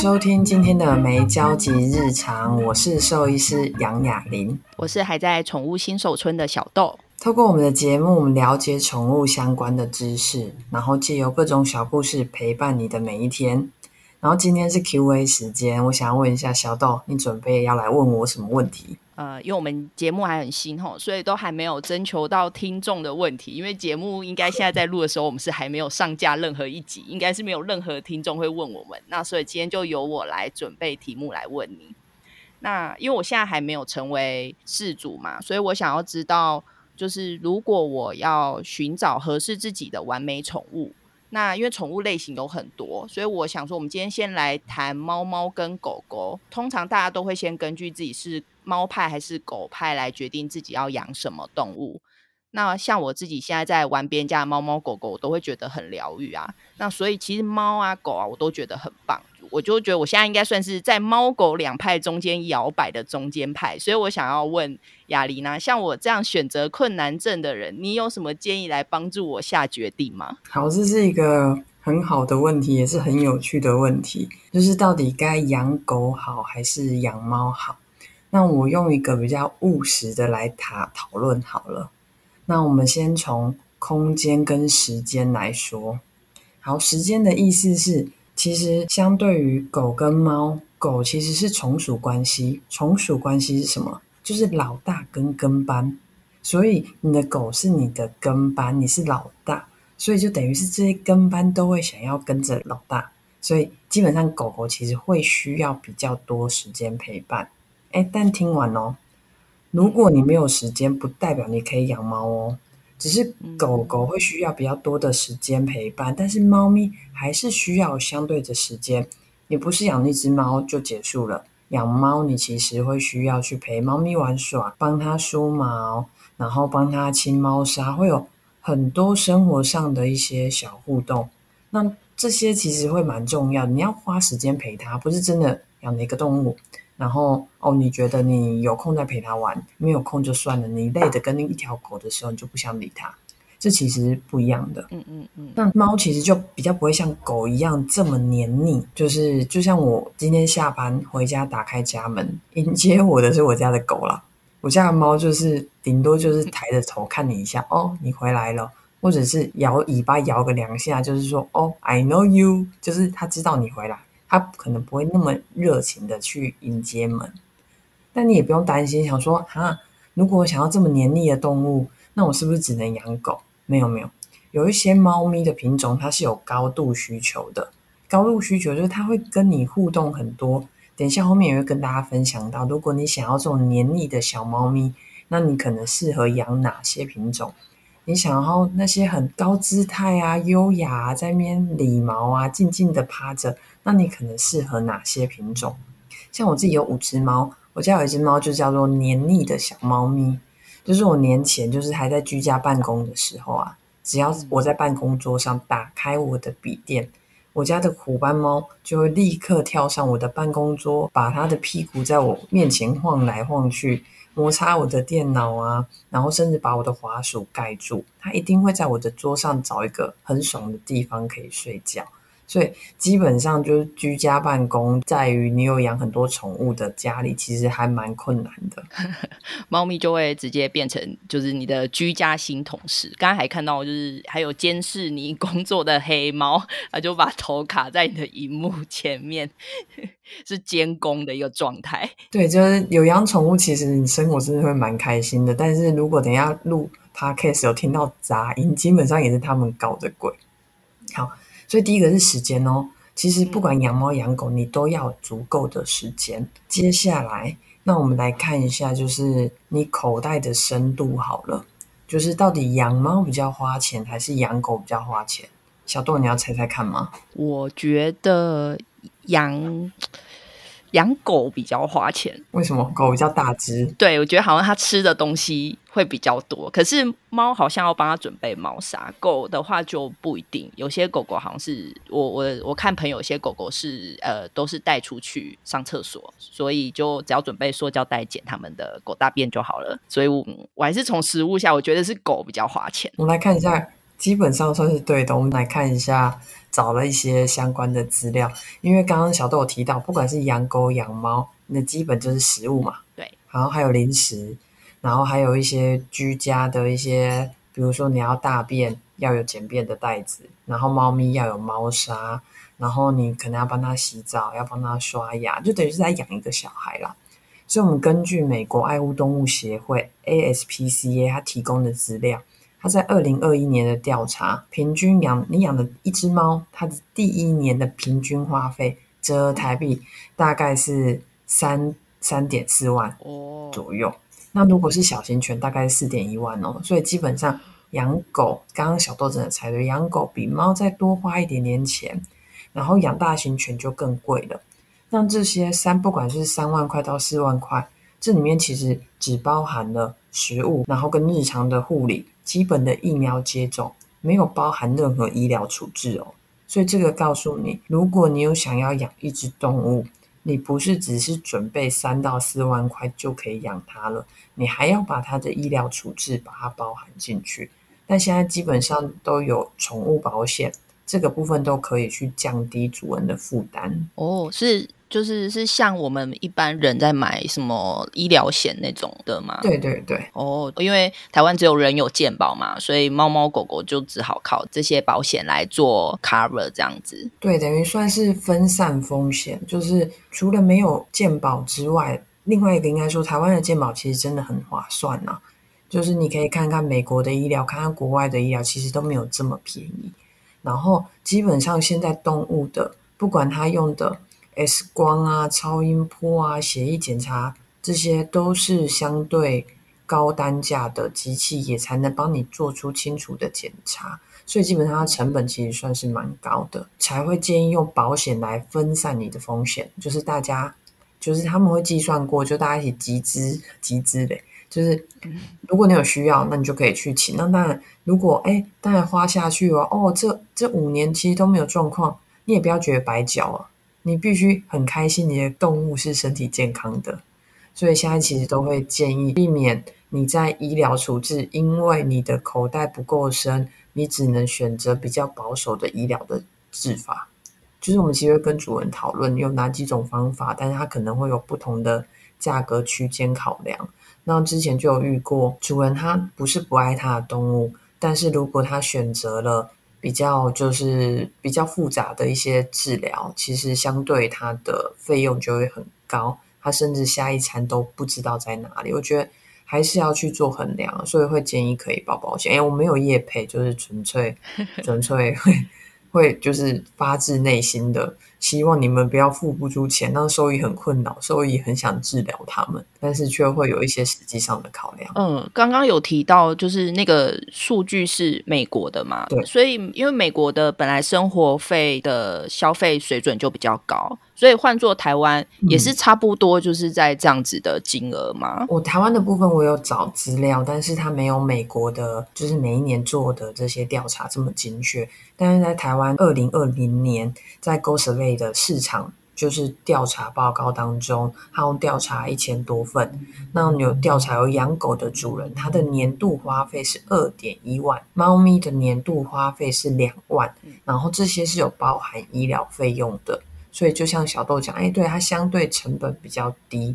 收聽今天的《沒交集日常》，我是獸醫師楊雅鈴，我是還在寵物新手村的小豆。透過我們的節目，我們了解寵物相關的知識，然後借由各種小故事陪伴你的每一天。然後今天是 Q&A 時間，我想要問一下小豆，你準備要來問我什麼問題？呃，因為我們節目還很新吼，所以都還沒有徵求到聽眾的問題。因為節目應該現在在錄的時候，我們是還沒有上架任何一集，應該是沒有任何聽眾會問我們。那所以今天就由我來準備題目來問你。那因為我現在還沒有成為飼主嘛，所以我想要知道，就是如果我要尋找合適自己的完美寵物。那因為寵物類型有很多，所以我想說，我們今天先來談貓貓跟狗狗。通常大家都會先根據自己是貓派還是狗派來決定自己要養什麼動物。那像我自己現在在玩別人家的貓貓狗狗，我都會覺得很療癒啊。那所以其實貓啊狗啊，我都覺得很棒。我就覺得我現在應該算是在貓狗兩派中間搖擺的中間派，所以我想要問雅鈴啊，像我這樣選擇困難症的人，你有什麼建議來幫助我下決定嗎？好，這是一個很好的問題，也是很有趣的問題，就是到底該養狗好還是養貓好？那我用一個比較務實的來討論好了。那我們先從空間跟時間來說，好，時間的意思是。其實，相對於狗跟貓，狗其實是從屬關係。從屬關係是什麼？就是老大跟跟班。所以你的狗是你的跟班，你是老大，所以就等於是這些跟班都會想要跟着老大。所以基本上狗狗其實會需要比較多時間陪伴。哎，但聽完哦，如果你沒有時間，不代表你可以養貓哦。只是狗狗會需要比較多的時間陪伴，但是貓咪還是需要相對的時間。你不是養一隻貓就結束了，養貓你其實會需要去陪貓咪玩耍、幫它梳毛，然後幫它清貓砂，會有很多生活上的一些小互動。那這些其實會蠻重要，你要花時間陪它，不是真的養了一個動物。然後哦，你覺得你有空再陪它玩，沒有空就算了。你累得跟一條狗的時候，你就不想理它，這其實不一樣的。嗯嗯嗯，那、嗯嗯、貓其實就比較不會像狗一樣這麼黏膩，就是就像我今天下班回家，打開家門迎接我的是我家的狗啦，我家的貓就是頂多就是抬着頭看你一下，哦，你回來了。或者是搖尾巴搖個兩下，就是說哦，I know you，就是它知道你回來，它可能不會那麼熱情的去迎接門。但你也不用擔心，想說啊，如果我想要這麼黏膩的動物，那我是不是只能養狗？沒有沒有，有一些貓咪的品種它是有高度需求的，高度需求就是它會跟你互動很多。等一下後面也會跟大家分享到，如果你想要這種黏膩的小貓咪，那你可能適合養哪些品種？你想要那些，很高姿態啊、優雅，啊，在那邊理毛啊、靜靜的趴着，那你可能適合哪些品種？像我自己有五隻貓，我家有一隻貓就叫做黏膩的小貓咪，就是我年前就是還在居家辦公的時候啊，只要我在辦公桌上打開我的筆電，我家的虎斑貓就會立刻跳上我的辦公桌，把它的屁股在我面前晃來晃去。摩擦我的電腦啊，然後甚至把我的滑鼠蓋住，它一定會在我的桌上找一個很爽的地方可以睡覺。所以基本上就是居家辦公，在於你有養很多寵物的家裡，其實還蠻困難的。貓咪就會直接變成就是你的居家新同事。剛剛還看到就是還有監視你工作的黑貓，它、啊、就把頭卡在你的螢幕前面，是監工的一個狀態。對，就是有養寵物，其實你生活是，是會蠻開心的。但是如果等一下錄 podcast 有聽到雜音，基本上也是他們搞的鬼。好。所以第一個是時間哦，其實不管養貓養狗，你都要足夠的時間。嗯，接下來，那我們來看一下，就是你口袋的深度好了，就是到底養貓比較花錢，還是養狗比較花錢？小豆，你要猜猜看嗎？我覺得養養狗比較花錢。為什麼？狗比較大隻，對我覺得好像它吃的東西。會比較多，可是貓好像要幫它準備貓砂，狗的話就不一定。有些狗狗好像是我我我看朋友，有些狗狗是呃，都是帶出去上廁所，所以就只要準備塑膠袋撿他們的狗大便就好了。所以我，我我還是從食物下，我覺得是狗比較花錢。我們來看一下，基本上算是對的。我們來看一下，找了一些相關的資料，因為剛剛小豆有提到，不管是養狗養貓，那基本就是食物嘛，嗯、對，然後還有零食。然後還有一些居家的一些，比如說你要大便要有簡便的袋子，然後貓咪要有貓砂，然後你可能要幫它洗澡，要幫它刷牙，就等於是在養一個小孩啦。所以，我們根據美國愛護動物協會 （ASPCA） 它提供的資料，它在二零二一年的調查，平均養你養的一只貓，它的第一年的平均花費，折合台幣大概是三三點四萬哦，左右。哦那如果是小型犬，大概四點一萬哦，所以基本上養狗，剛剛小豆真的猜對，養狗比貓再多花一點點錢，然後養大型犬就更貴了。那這些三，不管是三萬塊到四萬塊，這裡面其實只包含了食物，然後跟日常的護理、基本的疫苗接種，沒有包含任何醫療處置哦。所以這個告訴你，如果你有想要養一隻動物，你不是只是準備三到四萬塊就可以養它了，你還要把它的醫療處置把它包含進去。但現在基本上都有寵物保險，這個部分都可以去降低主人的負擔。哦，是。就是是像我們一般人在買什麼醫療險那種的嗎？對對對。哦，oh, 因為台灣只有人有健保嘛，所以貓貓狗狗就只好靠這些保險來做 cover 這樣子。對，等於算是分散風險。就是除了沒有健保之外，另外一個應該說，台灣的健保其實真的很划算呢、啊。就是你可以看看美國的醫療，看看國外的醫療，其實都沒有這麼便宜。然後基本上現在動物的，不管它用的。S, X 光啊、超音波啊、血液檢查，這些都是相對高單價的機器，也才能幫你做出清楚的檢查。所以基本上，它的成本其實算是蠻高的，才會建議用保險來分散你的風險。就是大家，就是他們會計算過，就大家一起集資，集資的。就是如果你有需要，那你就可以去請。那當然，如果哎，當然花下去、啊、哦，這這五年其實都沒有狀況，你也不要覺得白繳啊。你必須很開心，你的動物是身體健康的，所以現在其實都會建議避免你在醫療處置，因為你的口袋不夠深，你只能選擇比較保守的醫療的治法。就是我們其實會跟主人討論有哪幾種方法，但是它可能會有不同的價格區間考量。那之前就有遇過主人，他不是不愛他的動物，但是如果他選擇了。比較就是比較複雜的一些治療，其實相對它的費用就會很高，它甚至下一餐都不知道在哪裡。我覺得還是要去做衡量，所以會建議可以報保險。為、欸、我沒有業配，就是純粹純粹會會就是發自內心的。希望你們不要付不出錢，那獸醫很困擾，獸醫很想治療他們，但是卻會有一些實際上的考量。嗯，剛剛有提到就是那個數據是美國的嘛？對，所以因為美國的本來生活費的消費水準就比較高，所以換做台灣也是差不多，就是在這樣子的金額嘛。嗯、我台灣的部分我有找資料，但是他沒有美國的，就是每一年做的這些調查這麼精確。但是在台灣2020，二零二零年在 g o s l a y 的市場就是調查報告當中，他有調查一千多份，那你有調查有養狗的主人，他的年度花費是二點一萬，貓咪的年度花費是兩萬，然後這些是有包含醫療費用的，所以就像小豆講，哎，對，它相對成本比較低，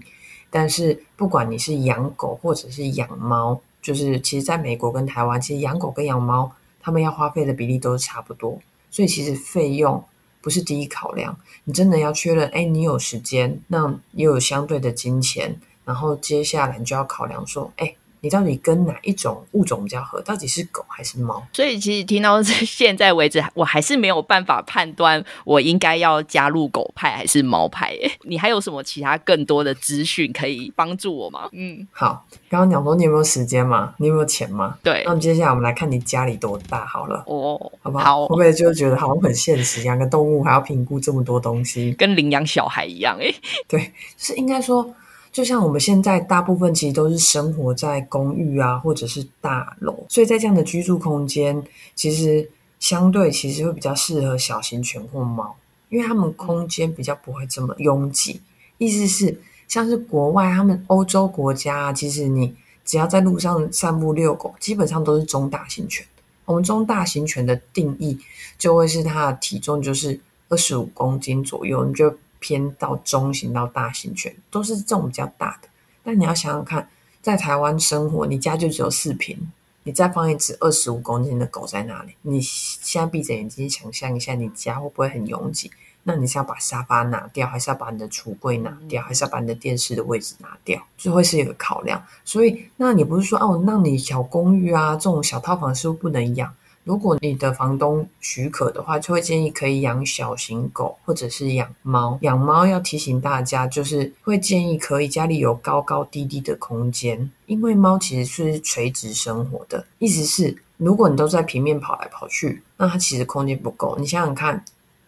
但是不管你是養狗或者是養貓，就是其實在美國跟台灣，其實養狗跟養貓，他們要花費的比例都是差不多，所以其實費用。不是第一考量，你真的要確認，誒、哎，你有時間，那又有相對的金錢，然後接下來你就要考量說，誒、哎。你到底跟哪一種物種比較合？到底是狗還是貓？所以其實聽到現在為止，我還是沒有辦法判斷我應該要加入狗派還是貓派。欸，你還有什麼其他更多的資訊可以幫助我嗎？嗯，好。剛剛鳥說，你有沒有時間嗎？你有沒有錢嗎？對。那我們接下來我們來看你家裡多大好了。哦，好不好？好，會不會就覺得好像很現實，養個動物還要評估這麼多東西，跟領養小孩一樣，欸。誒，對，就是應該說。就像我們現在大部分其實都是生活在公寓啊，或者是大樓，所以在這樣的居住空間，其實相對其實會比較適合小型犬或貓，因為它們空間比較不會這麼擁擠。意思是，像是國外他們歐洲國家，其實你只要在路上散步遛狗，基本上都是中大型犬。我們中大型犬的定義，就會是它的體重就是二十五公斤左右，你就。偏到中型到大型犬都是這種比較大的，但你要想想看，在台灣生活，你家就只有四坪，你再放一只二十五公斤的狗在那裡，你現在閉着眼睛想象一下，你家會不會很擁擠？那你是要把沙發拿掉，還是要把你的櫥櫃拿掉，還是要把你的電視的位置拿掉？就會是一個考量。所以，那你不是說哦，那你小公寓啊，這種小套房是不是不能養？如果你的房東許可的話，就會建議可以養小型狗，或者是養貓。養貓要提醒大家，就是會建議可以家裡有高高低低的空間，因為貓其實是垂直生活的。意思是，如果你都在平面跑來跑去，那它其實空間不夠。你想想看，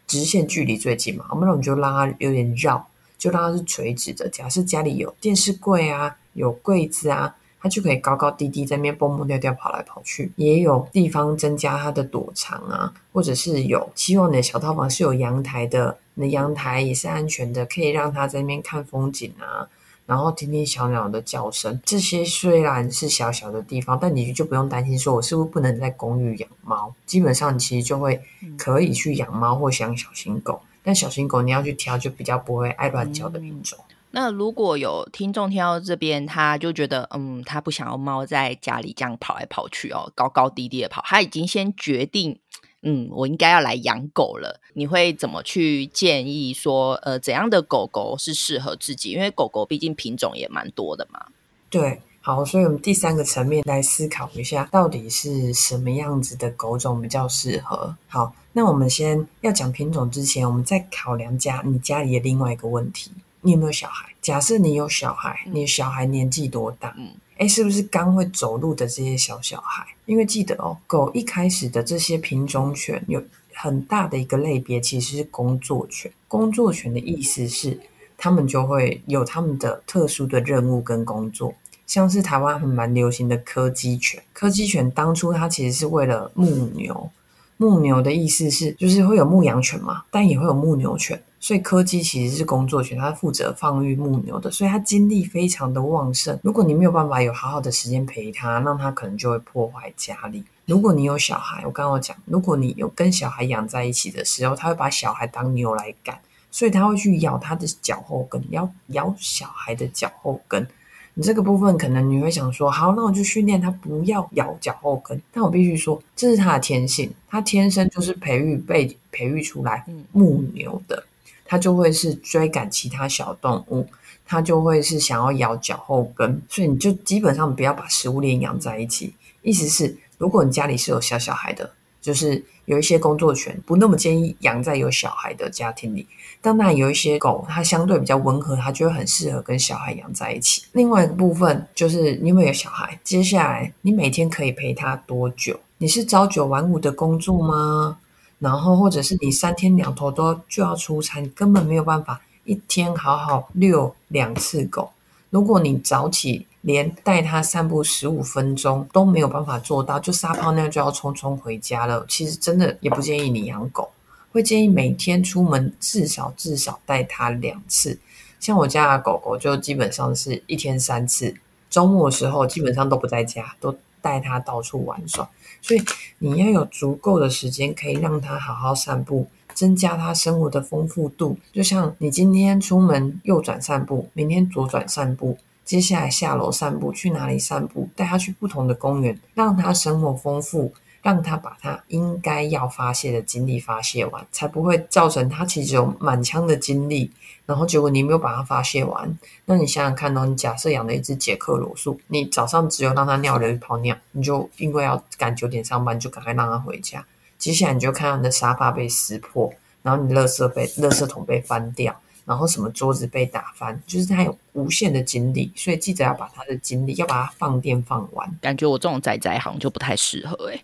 直線距離最近嘛，我們就就讓它有點繞，就讓它是垂直的。假設家裡有電視櫃啊，有櫃子啊。它就可以高高低低在那邊蹦蹦跳跳跑來跑去，也有地方增加它的躲藏啊，或者是有，希望你的小套房是有陽台的，那陽台也是安全的，可以讓它在那邊看風景啊，然後聽聽小鳥的叫聲。這些雖然是小小的地方，但你就不用擔心說，我是不是不能在公寓養貓？基本上你其實就會可以去養貓或養小型狗，但小型狗你要去挑，就比較不會愛亂叫的品種。那如果有聽眾聽到這邊，他就覺得，嗯，他不想要貓在家裡這樣跑來跑去哦，高高低低的跑。他已經先決定，嗯，我應該要來養狗了。你會怎麼去建議說，呃，怎樣的狗狗是適合自己？因為狗狗畢竟品種也蠻多的嘛。對，好，所以我們第三個層面來思考一下，到底是什麼樣子的狗種比較適合。好，那我們先要講品種之前，我們再考量家你家裡的另外一個問題。你有沒有小孩？假設你有小孩，你小孩年紀多大？嗯，誒，是不是剛會走路的這些小小孩？因為記得哦，狗一開始的這些品種犬有很大的一個類別，其實是工作犬。工作犬的意思是，它們就會有他們的特殊的任務跟工作，像是台灣很蠻流行的柯基犬。柯基犬當初它其實是為了牧牛，牧牛的意思是就是會有牧羊犬嘛，但也會有牧牛犬。所以柯基其實是工作犬，它負責放育牧牛的，所以它精力非常的旺盛。如果你沒有辦法有好好的時間陪它，那它可能就會破壞家裡。如果你有小孩，我剛剛有講，如果你有跟小孩養在一起的時候，他會把小孩當牛來趕，所以他會去咬他的腳後跟，咬咬小孩的腳後跟。你這個部分可能你會想說，好，那我就訓練它不要咬腳後跟。但我必須說，這是它的天性，它天生就是培育被培育出來牧牛的。它就會是追趕其他小動物，它就會是想要咬腳後跟，所以你就基本上不要把食物鏈養在一起。意思是，如果你家裡是有小小孩的，就是有一些工作犬，不那麼建議養在有小孩的家庭裡。但那有一些狗，它相對比較溫和，它就會很適合跟小孩養在一起。另外一個部分就是，你有沒有小孩？接下來，你每天可以陪它多久？你是朝九晚五的工作嗎？然後，或者是你三天兩頭都就要出差，根本沒有辦法一天好好遛兩次狗。如果你早起連帶它散步十五分鐘都沒有辦法做到，就撒泡尿就要匆匆回家了。其實真的也不建議你養狗，會建議每天出門至少至少帶它兩次。像我家的狗狗就基本上是一天三次，週末的時候基本上都不在家，都。帶他到處玩耍，所以你要有足夠的時間，可以讓他好好散步，增加他生活的豐富度。就像你今天出門右轉散步，明天左轉散步，接下來下樓散步，去哪裡散步？帶他去不同的公園，讓他生活豐富。讓他把他應該要發洩的精力發洩完，才不會造成他其實有滿腔的精力，然後結果你沒有把它發洩完。那你想想看嘍、哦，你假設養了一隻傑克羅素，你早上只有讓它尿了一泡尿，你就因為要趕九點上班，就趕快讓它回家。接下來你就看到你的沙發被撕破，然後你垃圾被垃圾桶被翻掉，然後什麼桌子被打翻，就是它有無限的精力，所以記得要把它的精力，要把它放電放完。感覺我這種宅宅好像就不太適合哎、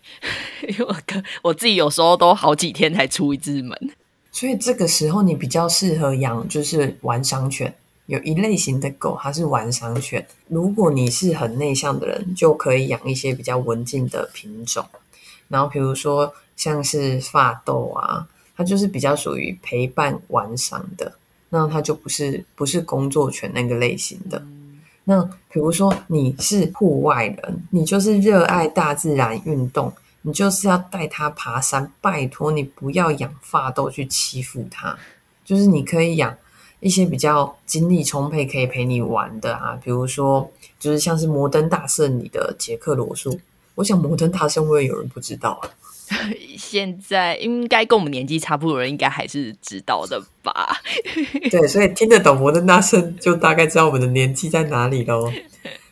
欸。因為我哥，我自己有時候都好幾天才出一次門。所以這個時候你比較適合養就是玩賞犬，有一類型的狗它是玩賞犬。如果你是很內向的人，就可以養一些比較文靜的品種，然後比如說像是法鬥啊，它就是比較屬於陪伴玩賞的。那他就不是不是工作犬那個類型的。那比如說你是戶外人，你就是熱愛大自然運動，你就是要帶他爬山，拜託你不要養法鬥去欺負他。就是你可以養一些比較精力充沛、可以陪你玩的啊，比如說就是像是摩登大聖你的傑克羅素。我想摩登大聖會不會有人不知道啊？現在應該跟我們年紀差不多人，應該還是知道的吧？ 對，所以聽得懂摩登大聖，就大概知道我們的年紀在哪裡嘍。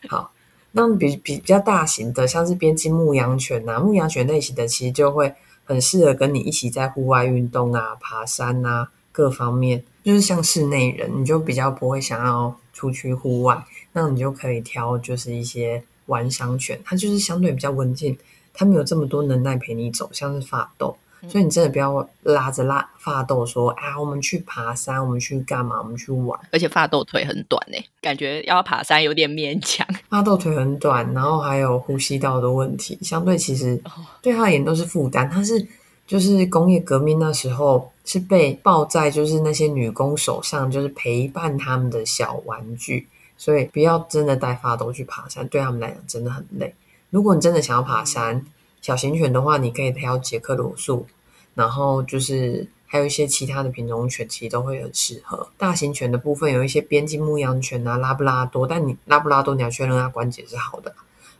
好，那比比，比較大型的，像是邊境牧羊犬吶、啊，牧羊犬類型的，其實就會很適合跟你一起在戶外運動啊、爬山啊各方面。就是像室內人，你就比較不會想要出去戶外，那你就可以挑就是一些玩賞犬，它就是相對比較文靜。他們有這麼多能耐陪你走，像是法鬥。嗯、所以你真的不要拉着拉法鬥說啊、哎，我們去爬山，我們去幹嘛，我們去玩。而且法鬥腿很短誒，感覺要，要爬山有點勉強。法鬥腿很短，然後還有呼吸道的問題，相對其實、哦、對他而言都是負擔。他是就是工業革命那時候是被抱在就是那些女工手上，就是陪伴他們的小玩具。所以不要真的帶法鬥去爬山，對他們來講真的很累。如果你真的想要爬山，小型犬的話，你可以挑傑克羅素，然後就是還有一些其他的品種犬，其實都會很適合。大型犬的部分有一些邊境牧羊犬啊、拉布拉多，但你拉布拉多你要確認它關節是好的。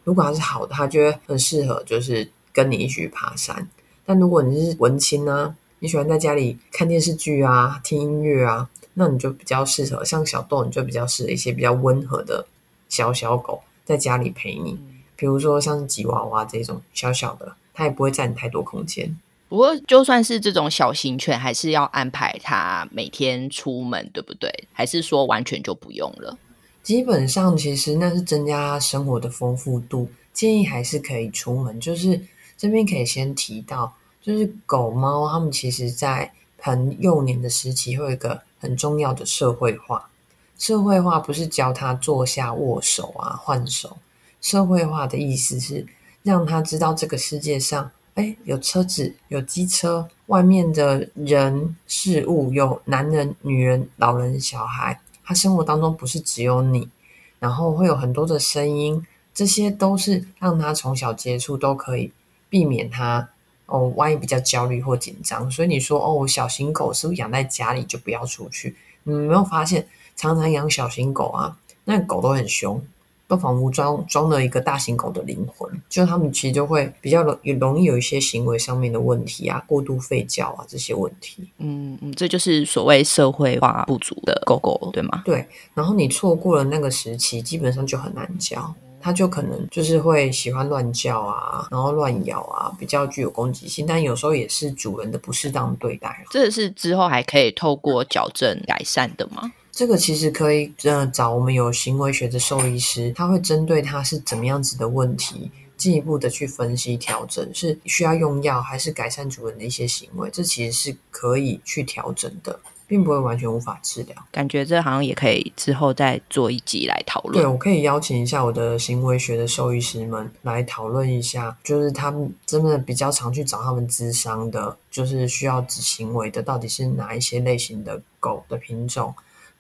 如果它是好的，它就會很適合，就是跟你一起去爬山。但如果你是文青啊，你喜歡在家裡看電視劇啊、聽音樂啊，那你就比較適合像小豆，你就比較適合一些比較溫和的小小狗在家裡陪你。比如說，像吉娃娃這種小小的，它也不會占你太多空間。不過，就算是這種小型犬，還是要安排它每天出門，對不對？還是說完全就不用了？基本上，其實那是增加它生活的豐富度，建議還是可以出門。就是這邊可以先提到，就是狗貓它們其實在很幼年的時期，會有一個很重要的社會化。社會化不是教它坐下、握手啊、換手。社會化的意思是讓他知道這個世界上，誒有車子、有機車，外面的人事物有男人、女人、老人、小孩，他生活當中不是只有你，然後會有很多的聲音，這些都是讓他從小接觸，都可以避免他哦，萬一比較焦慮或緊張。所以你說哦，小型狗是不是養在家裡就不要出去？你有沒有發現常常養小型狗啊，那個狗都很兇。都仿佛裝裝了一個大型狗的靈魂，就他們其實就會比較容也容易有一些行為上面的問題啊，過度吠叫啊這些問題。嗯嗯，這就是所謂社會化不足的狗狗，對嗎？對。然後你錯過了那個時期，基本上就很難教，它就可能就是會喜歡亂叫啊，然後亂咬啊，比較具有攻擊性。但有時候也是主人的不適當對待。這個是之後還可以透過矯正改善的嗎？嗯這個其實可以，呃，找我們有行為學的獸醫師，他會針對他是怎麼樣子的問題，進一步的去分析調整，是需要用藥還是改善主人的一些行為，這其實是可以去調整的，並不會完全無法治療。感覺這好像也可以之後再做一集來討論。對，我可以邀請一下我的行為學的獸醫師們來討論一下，就是他們真的比較常去找他們諮商的，就是需要指行為的，到底是哪一些類型的狗的品種。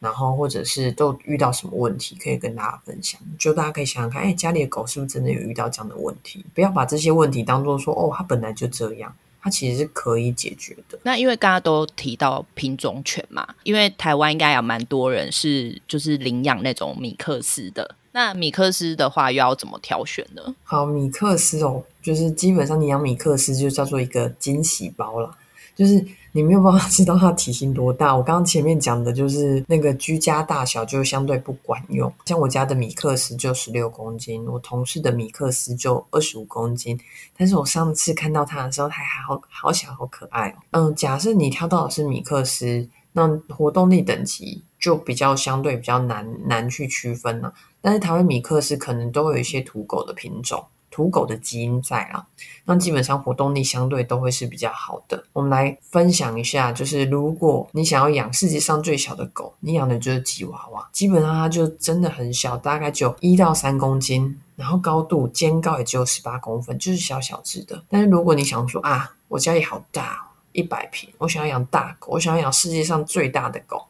然後或者是都遇到什麼問題，可以跟大家分享。就大家可以想想看，哎，家裡的狗是不是真的有遇到這樣的問題？不要把這些問題當做說，哦，它本來就這樣，它其實是可以解決的。那因為剛剛都提到品種犬嘛，因為台灣應該有蠻多人是就是領養那種米克斯的。那米克斯的話，又要怎麼挑選呢？好，米克斯哦，就是基本上你養米克斯就叫做一個驚喜包啦。就是你沒有辦法知道它體型多大。我剛剛前面講的就是那個居家大小就相對不管用。像我家的米克斯就十六公斤，我同事的米克斯就二十五公斤。但是我上次看到他的時候它還好好小好可愛哦。嗯，假設你挑到的是米克斯，那活動力等級就比較相對比較難難去區分了啊。但是台灣米克斯可能都有一些土狗的品種。土狗的基因在啊，那基本上活動力相對都會是比較好的。我們來分享一下，就是如果你想要養世界上最小的狗，你養的就是吉娃娃，基本上它就真的很小，大概只有一到三公斤，然後高度肩高也只有十八公分，就是小小只的。但是如果你想說啊，我家也好大哦，一百平，我想要養大狗，我想要養世界上最大的狗，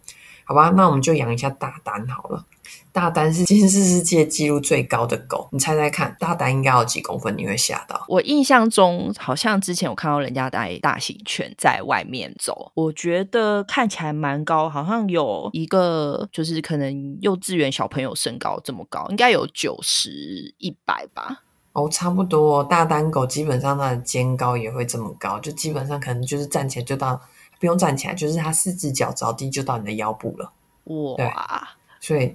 好吧？那我們就養一下大丹好了。大丹是全世，世界記錄最高的狗，你猜猜看，大丹應該有幾公分？你會嚇到。我印象中好像之前我看到人家帶大型犬在外面走，我覺得看起來蠻高，好像有一個就是可能幼稚園小朋友身高這麼高，應該有九十一百吧？哦，差不多，哦大丹狗基本上它的肩高也會這麼高，就基本上可能就是站起來就到，不用站起來，就是它四隻腳着地就到你的腰部了。哇，對啊，所以。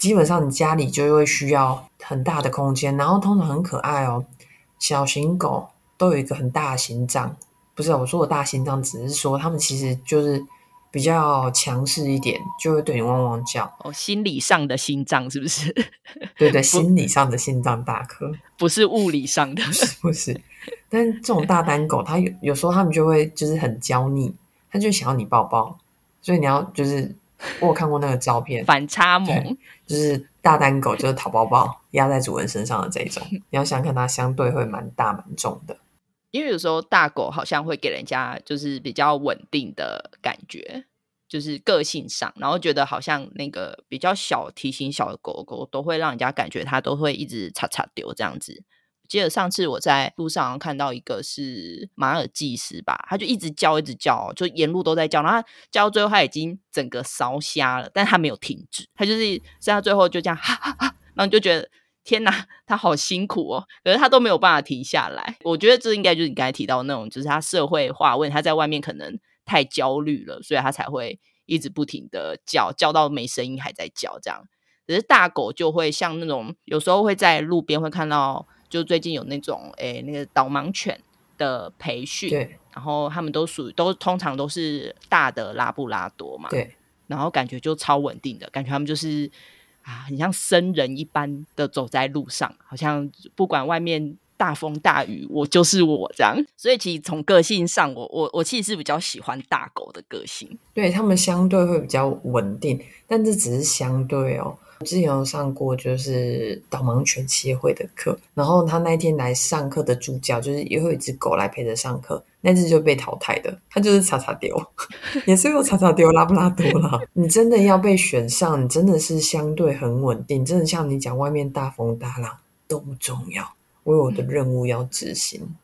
基本上你家裡就會需要很大的空間，然後通常很可愛哦。小型狗都有一個很大的心臟，不是我說的大心臟，只是說它們其實就是比較強勢一點，就會對你汪汪叫。哦，心理上的心臟是不是？對的對，不心理上的心臟大顆，不是物理上的， 是不是？但這種大丹狗，它有有時候它們就會就是很嬌溺，它就想要你抱抱，所以你要就是。我有看過那個照片，反差萌，就是大丹狗就是討抱抱壓在主人身上的這一種，你要想看它相對會蠻大蠻重的，因為有時候大狗好像會給人家就是比較穩定的感覺，就是個性上，然後覺得好像那個比較小體型小的狗狗都會讓人家感覺它都會一直擦擦丟這樣子。接得上次我在路上看到一個是馬爾濟斯吧，它就一直叫，一直叫，就沿路都在叫。然後他叫到最後，它已經整個燒瞎了，但它沒有停止，它就是在最後就這樣哈，哈哈哈。然後就覺得天哪，它好辛苦哦，可是它都沒有辦法停下來。我覺得這應該就是你剛才提到的那種，就是它社會化問，它在外面可能太焦慮了，所以它才會一直不停的叫，叫到沒聲音還在叫。這樣，可是大狗就會像那種，有時候會在路邊會看到。就最近有那種誒、欸，那個導盲犬的培訓，對然後他們都屬於都通常都是大的拉布拉多嘛，對，然後感覺就超穩定的感覺，他們就是啊，很像僧人一般的走在路上，好像不管外面大風大雨，我就是我這樣。所以其實從個性上，我我我其實是比較喜歡大狗的個性，對，他們相對會比較穩定，但這只是相對哦。我之前有上過就是導盲犬協會的課，然後他那一天來上課的助教就是也有一隻狗來陪着上課，那只就被淘汰的，它就是叉叉丟，也是有叉叉丟拉布拉多啦 你真的要被選上，你真的是相對很穩定，真的像你講，外面大風大浪都不重要，我有我的任務要執行。嗯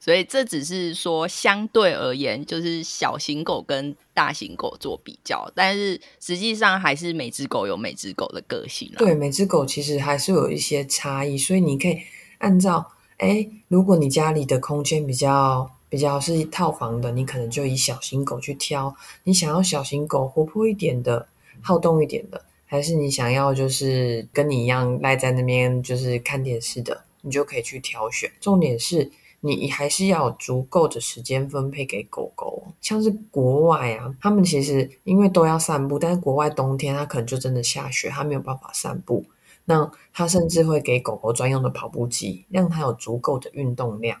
所以這只是說，相對而言，就是小型狗跟大型狗做比較，但是實際上還是每只狗有每只狗的個性啊。對，每只狗其實還是有一些差異，所以你可以按照，誒，如果你家裡的空間比較比較是一套房的，你可能就以小型狗去挑。你想要小型狗活潑一點的、好動一點的，還是你想要就是跟你一樣賴在那邊就是看電視的，你就可以去挑選。重點是，你還是要有足夠的時間分配給狗狗。像是國外啊，他們其實因為都要散步，但是國外冬天它可能就真的下雪，它沒有辦法散步。那它甚至會給狗狗專用的跑步機，讓它有足夠的運動量。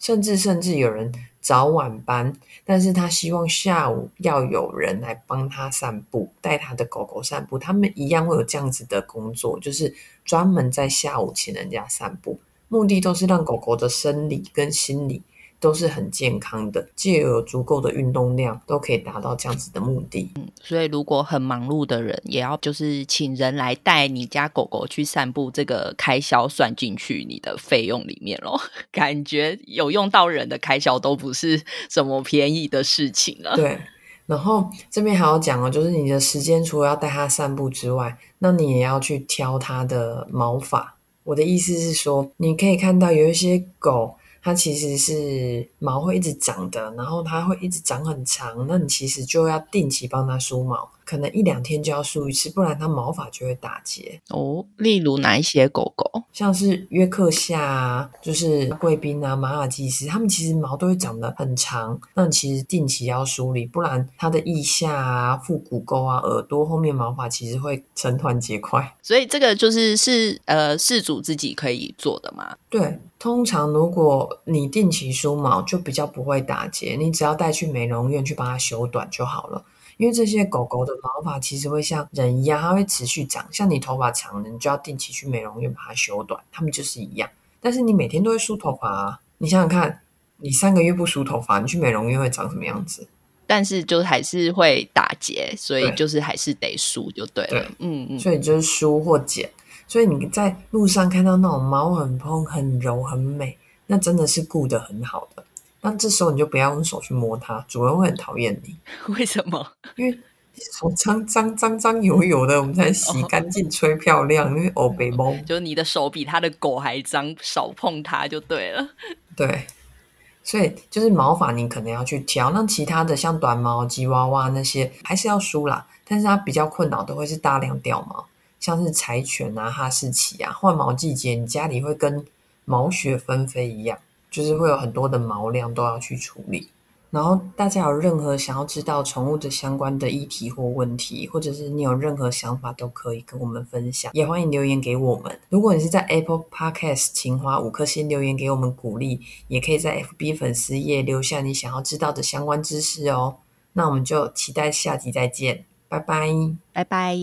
甚至甚至有人早晚班，但是他希望下午要有人來幫他散步，帶他的狗狗散步。他們一樣會有這樣子的工作，就是專門在下午請人家散步。目的都是讓狗狗的生理跟心理都是很健康的，借由有足夠的運動量都可以達到這樣子的目的。嗯，所以如果很忙碌的人，也要就是請人來帶你家狗狗去散步，這個開銷算進去你的費用裡面咯感覺有用到人的開銷都不是什麼便宜的事情了。對，然後這邊還要講哦就是你的時間除了要帶它散步之外，那你也要去挑它的毛髮。我的意思是說，你可以看到有一些狗，它其實是毛會一直長的，然後它會一直長很長，那你其實就要定期幫它梳毛。可能一兩天就要梳一次，不然它毛髮就會打結哦。例如哪一些狗狗，像是約克夏、啊、就是貴賓啊、馬爾濟斯，它們其實毛都會長得很長，但其實定期要梳理，不然它的腋下啊、腹股溝啊、耳朵後面毛髮其實會成團結塊。所以這個就是是呃，飼主自己可以做的嘛？對，通常如果你定期梳毛，就比較不會打結。你只要帶去美容院去幫它修短就好了。因為這些狗狗的毛髮其實會像人一樣，它會持續長，像你頭髮長了，你就要定期去美容院把它修短，它們就是一樣。但是你每天都會梳頭髮啊，你想想看，你三個月不梳頭髮，你去美容院會長什麼樣子？但是就還是會打結，所以就是還是得梳就對了。嗯嗯，嗯，所以就是梳或剪。所以你在路上看到那種毛很蓬、很柔、很美，那真的是顧得很好的。那這時候你就不要用手去摸它，主人會很討厭你。為什麼？因為手髒髒髒髒油油的，我們才洗乾淨、 吹漂亮。因為哦，北摸就是你的手比他的狗還髒，少碰它就對了。對，所以就是毛髮你可能要去挑，那其他的像短毛吉娃娃那些還是要梳啦。但是它比較困擾都會是大量掉毛，像是柴犬啊、哈士奇啊換毛季節，你家裡會跟毛雪紛飛一樣。就是會有很多的毛量都要去處理，然後大家有任何想要知道寵物的相關的議題或問題，或者是你有任何想法都可以跟我們分享，也歡迎留言給我們。如果你是在 Apple Podcast 請花五顆星留言給我們鼓勵，也可以在 FB 粉絲頁留下你想要知道的相關知識哦。那我們就期待下集再見，拜拜，拜拜。